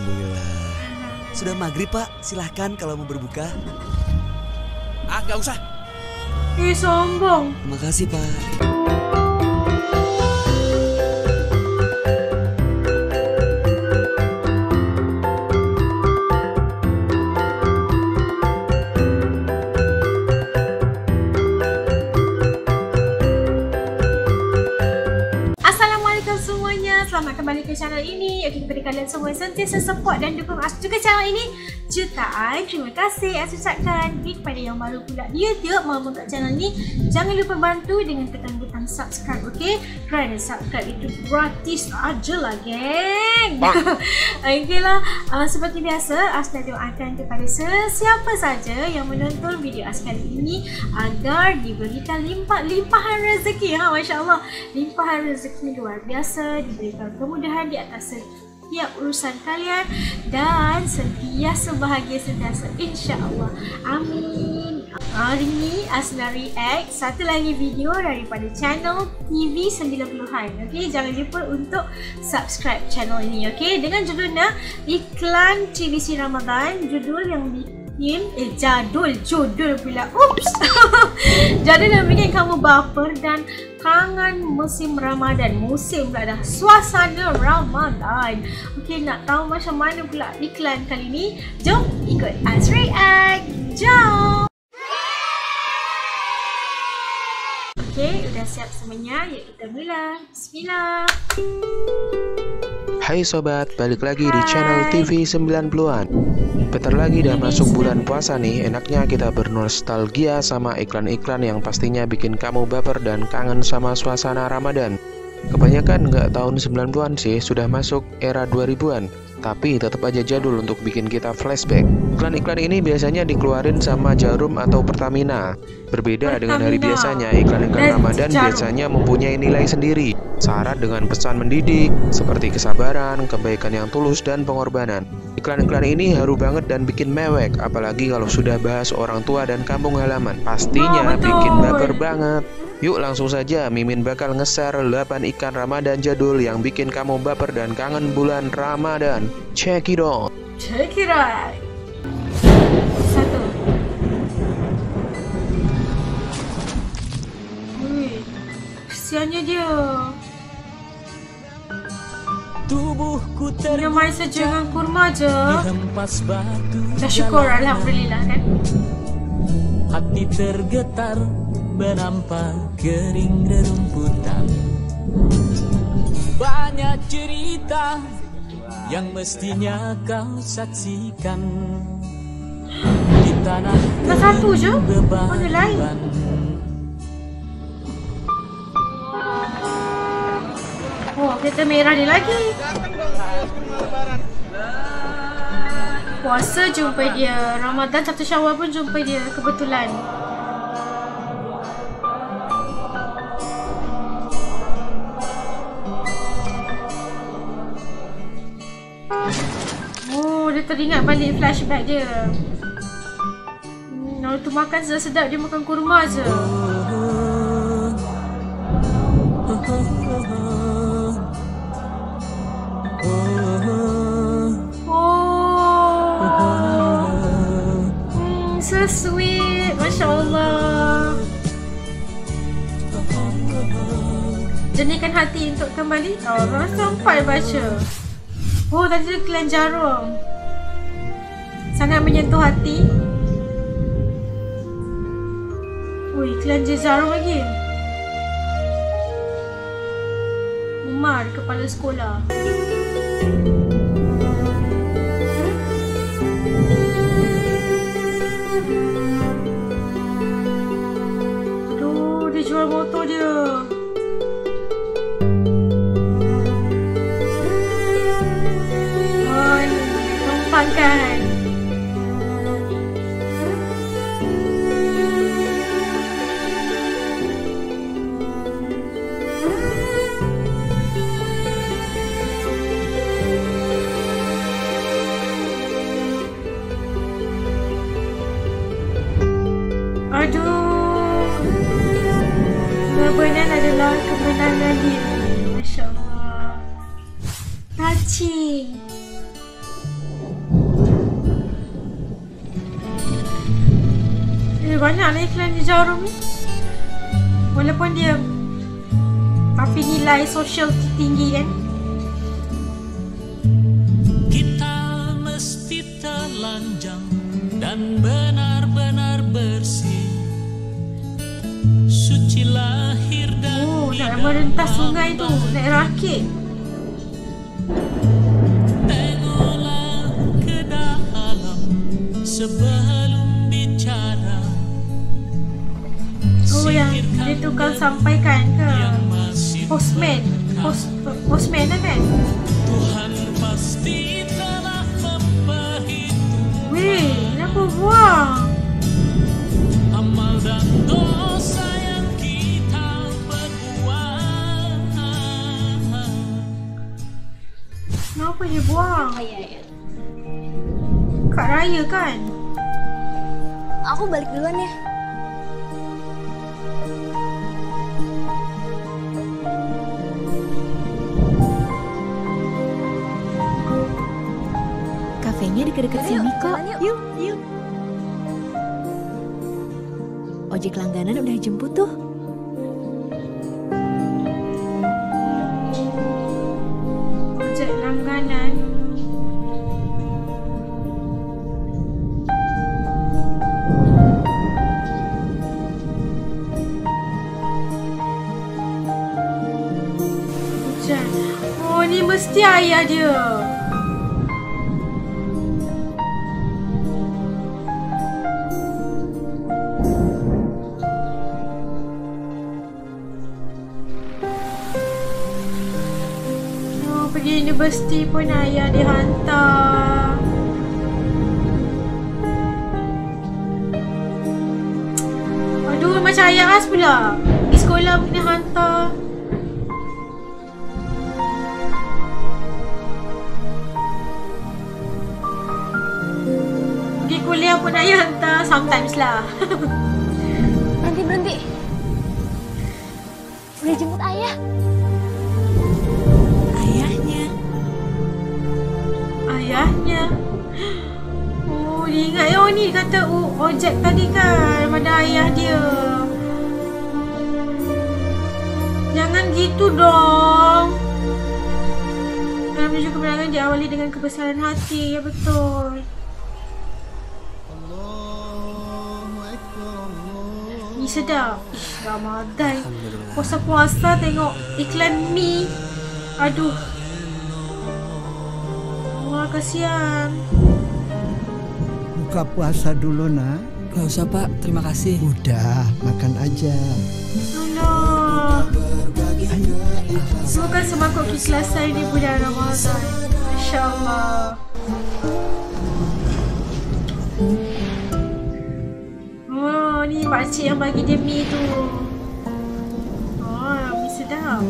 Alhamdulillah. Sudah maghrib pak, silahkan kalau mau berbuka. Ah, nggak usah. Ih, sombong. Terima kasih pak. semuanya Selamat kembali ke channel ini Okey kepada kalian semua sentiasa support dan dukung Asus juga channel ini Jutaan terima kasih Asus ucapkan Dan kepada yang baru pula di YouTube Mau membuka channel ini Jangan lupa bantu dengan tekan butang subscribe Okey Kerana subscribe itu gratis aja lah geng Okey lah uh, ah, Seperti biasa Asus dah doakan kepada sesiapa saja Yang menonton video Asus kali ini Agar diberikan limpah limpahan rezeki ha, Masya Allah Limpahan rezeki luar biasa diberikan kemudahan di atas setiap urusan kalian dan setiap sebahagia sentiasa insyaAllah. Amin. Hari ini Asnari X, satu lagi video daripada channel TV 90-an. Okay, jangan lupa untuk subscribe channel ini. Okay, dengan judulnya Iklan TVC Ramadan, judul yang Nim, eh jadul, jodul pula. Oops. Jadi dah bikin kamu baper dan kangen musim Ramadan. Musim pula dah suasana Ramadan. Okey, nak tahu macam mana pula iklan kali ni? Jom ikut Azri Egg. Jom. Okey, dah siap semuanya. Yuk kita mula. Bismillah. Bismillah. Hai sobat, balik lagi di channel TV 90-an Bentar lagi udah masuk bulan puasa nih Enaknya kita bernostalgia sama iklan-iklan yang pastinya bikin kamu baper dan kangen sama suasana Ramadan Kebanyakan nggak tahun 90-an sih, sudah masuk era 2000-an Tapi tetap aja jadul untuk bikin kita flashback Iklan-iklan ini biasanya dikeluarin sama Jarum atau Pertamina. Berbeda Pertamina. dengan hari biasanya, iklan-iklan Ramadan biasanya mempunyai nilai sendiri, syarat dengan pesan mendidik seperti kesabaran, kebaikan yang tulus dan pengorbanan. Iklan-iklan ini haru banget dan bikin mewek, apalagi kalau sudah bahas orang tua dan kampung halaman. Pastinya oh, bikin baper banget. Yuk langsung saja Mimin bakal ngeser 8 ikan Ramadan jadul yang bikin kamu baper dan kangen bulan Ramadan. Check it out. Check it out. Kesiannya dia Tubuhku Dia main saja dengan kurma je Dah syukur Alhamdulillah kan Hati tergetar Menampak kering rerumputan Banyak cerita Yang mestinya kau saksikan Di tanah Tidak satu je Mana lain kereta merah ni lagi Puasa jumpa dia Ramadan satu syawal pun jumpa dia Kebetulan Oh, dia teringat balik flashback dia Lalu hmm, tu makan sedap-sedap Dia makan kurma je so sweet. Masya Allah. Jernihkan hati untuk kembali. Oh, orang sampai baca. Oh, tadi tu kelan jarum. Sangat menyentuh hati. Ui, klan jarum lagi. Umar, kepala sekolah. jarum ni Walaupun dia Tapi nilai sosial tinggi kan Kita mesti telanjang Dan benar-benar bersih Suci lahir dan Oh nak merentas sungai tu Nak rakit Tengoklah ke dalam Sebelum yang dia tukang sampaikan ke postman post postman lah kan Tuhan pasti telah memperhitungkan Weh, kenapa buang? Amal Kak Raya kan? Aku balik duluan ya. kedainya dekat-dekat sini yuk, kok. Yuk, yuk. Ojek langganan udah jemput tuh. Ojek langganan. Ojek. Oh, ni mesti ayah dia. Lepas pula. Di sekolah pun kena hantar. Pergi kuliah pun nak ya hantar. Sometimes lah. Berhenti, berhenti. Boleh jemput ayah? Ayahnya. Ayahnya. Oh, dia ingat. Oh, ni kata oh, ojek tadi kan. Mana ayah dia. jangan gitu dong. Dalam menuju kemenangan diawali dengan kebesaran hati. Ya betul. Ni sedap. Ih, Ramadan. Puasa-puasa tengok iklan mi. Aduh. Wah, kasihan. Buka puasa dulu, nak. Tidak usah pak, terima kasih Udah, makan aja Tolong Semoga semua kau keikhlasan ini bulan Ramadan. Insya-Allah. Oh, ni pakcik yang bagi dia mi tu. Oh, ah, mi sedap.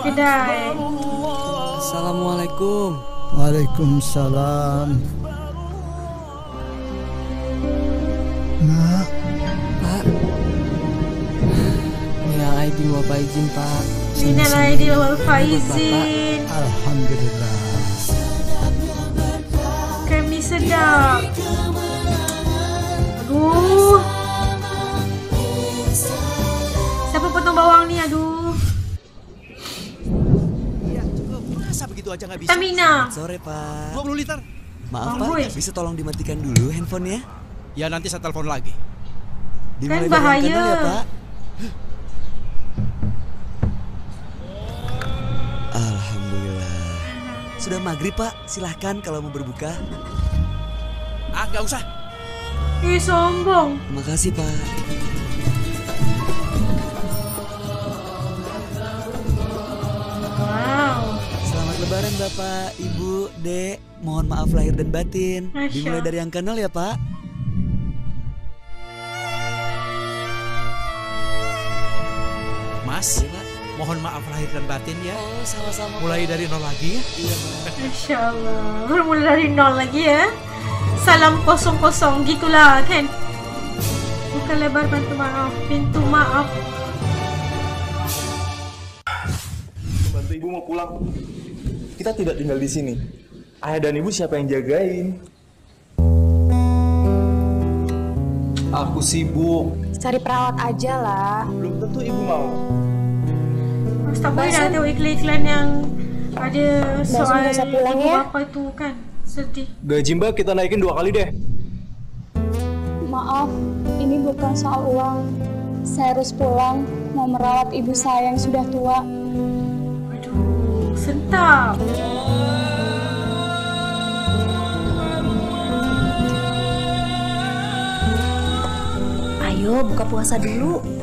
Kedai. Assalamualaikum. Waalaikumsalam. aidin wa faizin Pak. Minal aidin wa faizin. Alhamdulillah. Kami sedap. Aduh. Siapa potong bawang nih aduh. Ya, cukup. Masa begitu aja enggak bisa? Tamina. Sore, Pak. 20 liter. Maaf, Pak. Bisa tolong dimatikan dulu handphonenya? Ya, nanti saya telepon lagi. Dimulai kan bahaya. Ya, Pak. Sudah maghrib pak, silahkan kalau mau berbuka. Ah, nggak usah. Ih, sombong. Makasih pak. Wow. Selamat lebaran bapak, ibu, dek. Mohon maaf lahir dan batin. Masya. Dimulai dari yang kenal ya pak. Mas. Ya, mohon maaf lahir dan batin ya. Oh, sama-sama. Mulai dari nol lagi ya. Iya. Insya Allah. Mulai dari nol lagi ya. Salam kosong kosong gitulah kan. Buka lebar pintu maaf, pintu maaf. Bantu ibu mau pulang. Kita tidak tinggal di sini. Ayah dan ibu siapa yang jagain? Aku sibuk. Cari perawat aja lah. Belum tentu ibu mau. Tak Bahasa. boleh dah tahu iklan-iklan yang ada soal ibu ya. bapa tu kan? Sedih. Gaji mbak kita naikin dua kali deh. Maaf, ini bukan soal uang. Saya harus pulang mau merawat ibu saya yang sudah tua. Aduh, sentap. Ayo buka puasa dulu.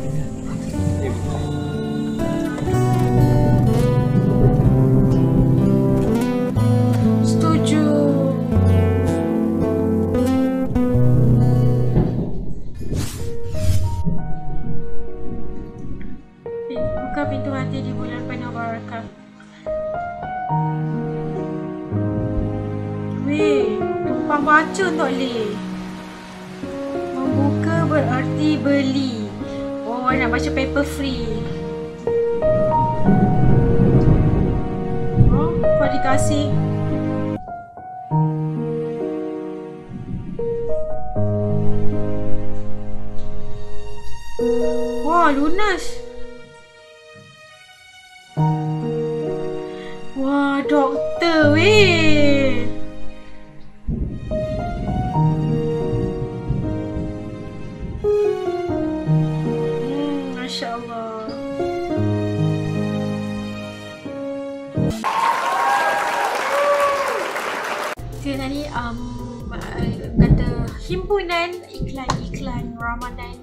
free. Oh, kau dikasih. Wah, lunas. um, kata himpunan iklan-iklan Ramadan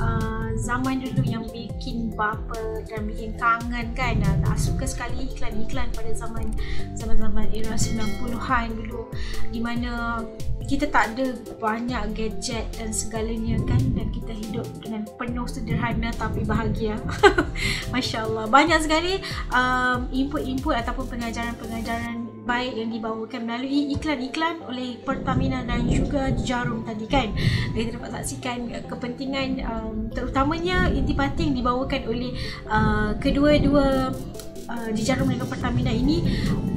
uh, zaman dulu yang bikin bapa dan bikin kangen kan uh, nak suka sekali iklan-iklan pada zaman zaman-zaman era 90-an dulu di mana kita tak ada banyak gadget dan segalanya kan dan kita hidup dengan penuh sederhana tapi bahagia Masya Allah banyak sekali um, input-input ataupun pengajaran-pengajaran baik yang dibawakan melalui iklan-iklan oleh Pertamina dan juga Jarum tadi kan. Kita dapat saksikan eh, kepentingan um, terutamanya intipati yang dibawakan oleh uh, kedua-dua Ah, dijarum dengan Pertamina ini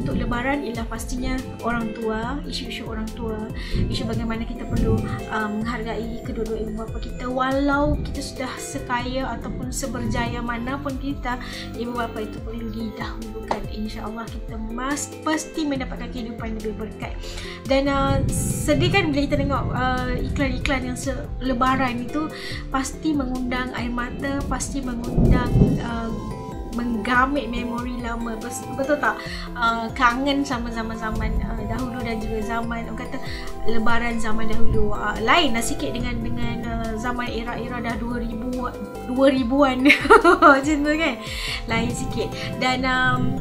untuk lebaran ialah pastinya orang tua, isu-isu orang tua, isu bagaimana kita perlu uh, menghargai kedua-dua ibu bapa kita walau kita sudah sekaya ataupun seberjaya mana pun kita, ibu bapa itu perlu didahulukan. Insya-Allah kita mas pasti mendapatkan kehidupan yang lebih berkat. Dan uh, ah, sedih kan bila kita tengok uh, iklan-iklan yang se- lebaran itu pasti mengundang air mata, pasti mengundang uh, menggamit memori lama betul tak uh, kangen sama zaman-zaman uh, dahulu dan juga zaman orang kata lebaran zaman dahulu uh, lain lah sikit dengan dengan uh, zaman era-era dah 2000 2000-an macam tu kan lain sikit dan um,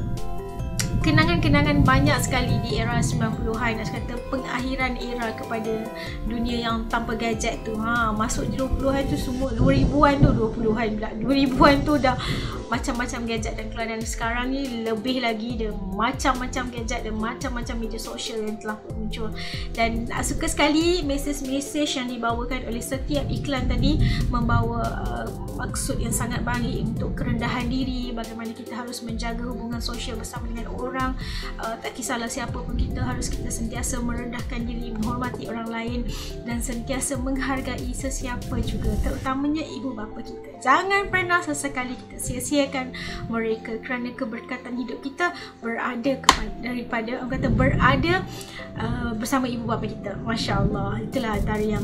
kenangan-kenangan banyak sekali di era 90-an nak kata pengakhiran era kepada dunia yang tanpa gadget tu ha masuk 20-an tu semua 2000-an tu 20-an pula 2000-an tu dah macam-macam gadget dan keluaran sekarang ni lebih lagi dia macam-macam gadget dan macam-macam media sosial yang telah pun muncul dan nak suka sekali message-message yang dibawakan oleh setiap iklan tadi membawa uh, maksud yang sangat baik untuk kerendahan diri bagaimana kita harus menjaga hubungan sosial bersama dengan orang uh, tak kisahlah siapa pun kita harus kita sentiasa merendahkan diri menghormati orang lain dan sentiasa menghargai sesiapa juga terutamanya ibu bapa kita jangan pernah sesekali kita sia-siakan mereka kerana keberkatan hidup kita berada daripada orang kata berada uh, bersama ibu bapa kita. Masya-Allah. Itulah antara yang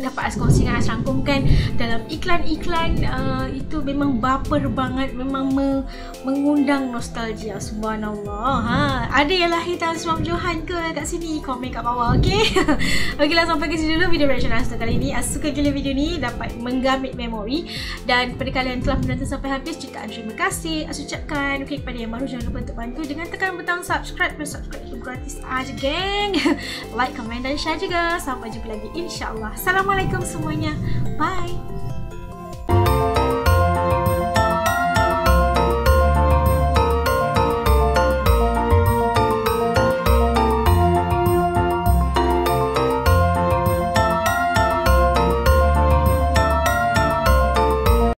dapat as kongsi dengan as rangkumkan dalam iklan-iklan uh, itu memang baper banget memang me- mengundang nostalgia subhanallah ha ada yang lahir tahun sebab Johan ke kat sini komen kat bawah okey okeylah sampai ke sini dulu video reaction as kali ini as suka gila video ni dapat menggamit memori dan pada kalian telah menonton sampai habis juga terima kasih as ucapkan okey kepada yang baru jangan lupa untuk bantu dengan tekan butang subscribe dan subscribe gratis aja geng like komen dan share juga sampai jumpa lagi insyaallah Salam. Assalamualaikum semuanya. Bye.